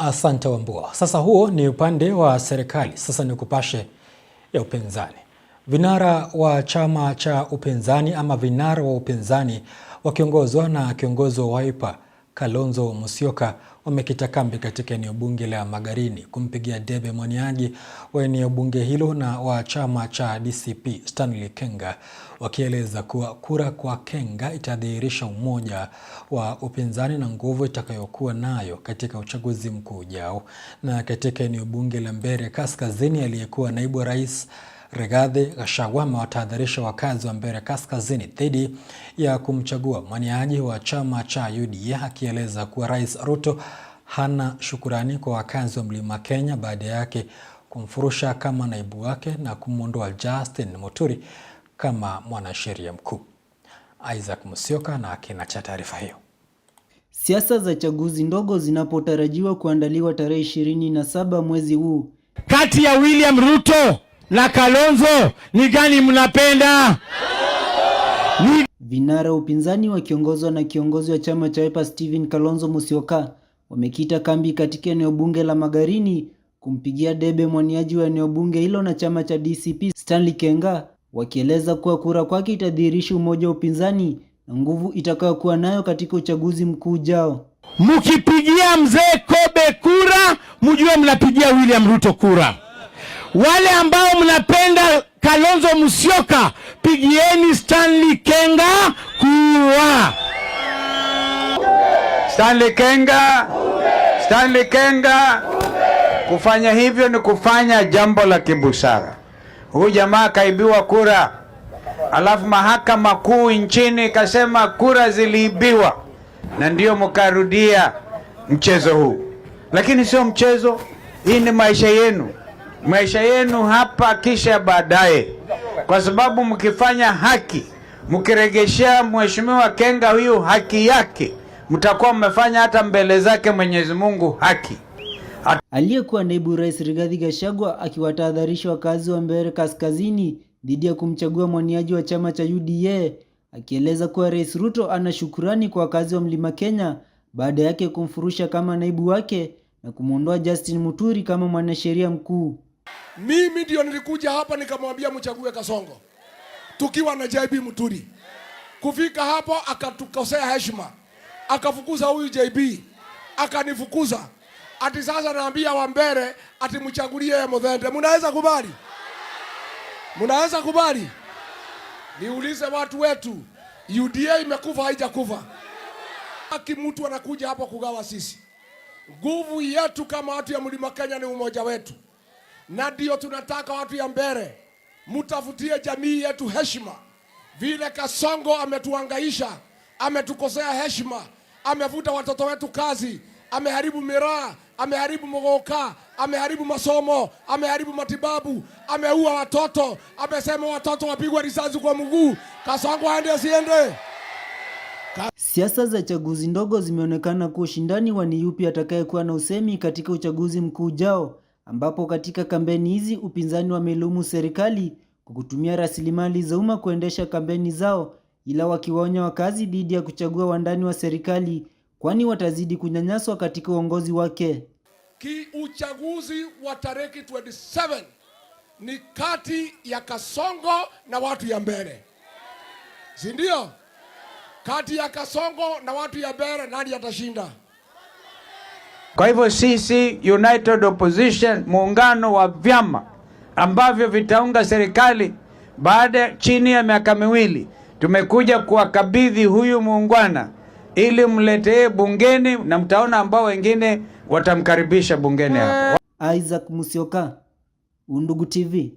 Asante Wambua. Sasa huo ni upande wa serikali. Sasa ni kupashe ya upinzani. Vinara wa chama cha upinzani ama vinara wa upinzani wakiongozwa na kiongozi wa Wiper Kalonzo Musyoka wamekita kambi katika eneo bunge la Magarini kumpigia debe mwaniaji wa eneo bunge hilo na wa chama cha DCP Stanley Kenga, wakieleza kuwa kura kwa Kenga itadhihirisha umoja wa upinzani na nguvu itakayokuwa nayo katika uchaguzi mkuu ujao. Na katika eneo bunge la Mbeere Kaskazini, aliyekuwa naibu rais Rigathi Gachagua watahadharisha wakazi wa Mbeere Kaskazini dhidi ya kumchagua mwaniaji wa chama cha UDA akieleza kuwa Rais Ruto hana shukurani kwa wakazi wa Mlima Kenya baada yake kumfurusha kama naibu wake na kumwondoa Justin Muturi kama mwanasheria mkuu. Isaac Musioka na kina cha taarifa hiyo. Siasa za chaguzi ndogo zinapotarajiwa kuandaliwa tarehe 27 mwezi huu kati ya William Ruto na Kalonzo ni gani mnapenda? Vinara upinzani wakiongozwa na kiongozi wa chama cha Wiper Steven Kalonzo Musyoka wamekita kambi katika eneo bunge la Magarini kumpigia debe mwaniaji wa eneo bunge hilo na chama cha DCP Stanley Kenga, wakieleza kuwa kura kwake itadhihirisha umoja wa upinzani na nguvu itakayokuwa nayo katika uchaguzi mkuu ujao. Mkipigia mzee Kobe kura, mjue mnapigia William Ruto kura. Wale ambao mnapenda Kalonzo Musyoka, pigieni Stanley Kenga kuwa Stanley Kenga, Stanley Kenga. Kufanya hivyo ni kufanya jambo la kibusara. Huyu jamaa akaibiwa kura, alafu mahakama kuu nchini ikasema kura ziliibiwa, na ndio mkarudia mchezo huu, lakini sio mchezo. Hii ni maisha yenu maisha yenu hapa, kisha baadaye, kwa sababu mkifanya haki, mkiregeshea mheshimiwa Kenga huyu haki yake, mtakuwa mmefanya hata mbele zake Mwenyezi Mungu haki. Aliyekuwa naibu rais Rigathi Gachagua akiwatahadharisha wakazi wa Mbeere Kaskazini dhidi ya kumchagua mwaniaji wa chama cha UDA akieleza kuwa Rais Ruto ana shukurani kwa wakazi wa Mlima Kenya baada yake kumfurusha kama naibu wake na kumwondoa Justin Muturi kama mwanasheria mkuu. Mimi ndio nilikuja hapa nikamwambia mchague Kasongo tukiwa na JB Muturi. Kufika hapo akatukosea heshima, akafukuza huyu JB, akanifukuza ati sasa naambia Wambere ati mchagulie Mudhende. Mnaweza kubali? Mnaweza kubali? Niulize watu wetu, UDA imekufa haijakufa? Aki mtu anakuja hapa kugawa sisi. Nguvu yetu kama watu ya mlima Kenya ni umoja wetu na ndiyo tunataka watu ya mbere mutafutie jamii yetu heshima. Vile Kasongo ametuangaisha ametukosea heshima, amevuta watoto wetu kazi, ameharibu miraa, ameharibu mogoka, ameharibu masomo, ameharibu matibabu, ameua watoto, amesema watoto wapigwa risasi kwa mguu. Kasongo aende asiende? Siasa za chaguzi ndogo zimeonekana kuwa ushindani wa ni yupi atakayekuwa na usemi katika uchaguzi mkuu ujao ambapo katika kampeni hizi upinzani wameilaumu serikali kwa kutumia rasilimali za umma kuendesha kampeni zao, ila wakiwaonya wakazi dhidi ya kuchagua wandani wa serikali, kwani watazidi kunyanyaswa katika uongozi wake. Ki uchaguzi wa tareki 27 ni kati ya Kasongo na watu ya mbele si ndio? Kati ya Kasongo na watu ya mbele nani atashinda? Kwa hivyo sisi United Opposition, muungano wa vyama ambavyo vitaunga serikali baada chini ya miaka miwili, tumekuja kuwakabidhi huyu muungwana ili mletee bungeni, na mtaona ambao wengine watamkaribisha bungeni hapo. Isaac musioka Undugu TV.